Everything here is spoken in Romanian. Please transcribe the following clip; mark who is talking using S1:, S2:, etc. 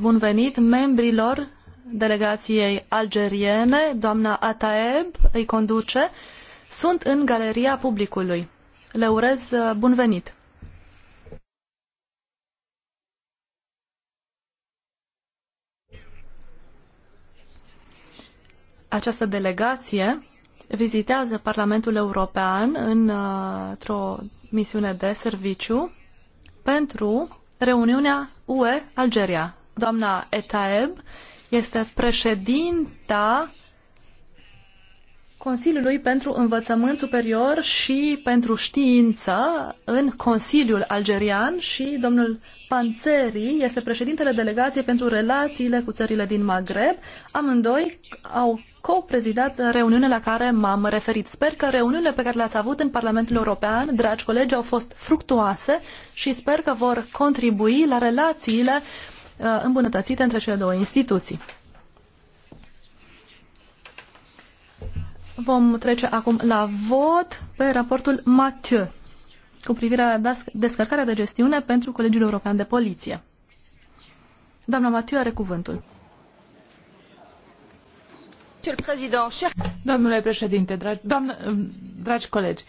S1: bun venit membrilor delegației algeriene, doamna Ataeb îi conduce, sunt în galeria publicului. Le urez uh, bun venit! Această delegație vizitează Parlamentul European uh, într-o misiune de serviciu pentru reuniunea UE Algeria, doamna Etaeb este președinta Consiliului pentru Învățământ Superior și pentru Știință în Consiliul Algerian și domnul Panțeri este președintele delegației pentru relațiile cu țările din Maghreb. Amândoi au co-prezidat reuniunea la care m-am referit. Sper că reuniunile pe care le-ați avut în Parlamentul European, dragi colegi, au fost fructuoase și sper că vor contribui la relațiile uh, Uh, îmbunătățite între cele două instituții. Vom trece acum la vot pe raportul Mathieu cu privire la descărcarea de gestiune pentru Colegiul European de Poliție. Doamna Mathieu are cuvântul. Domnule președinte, dragi, doamnă, dragi colegi,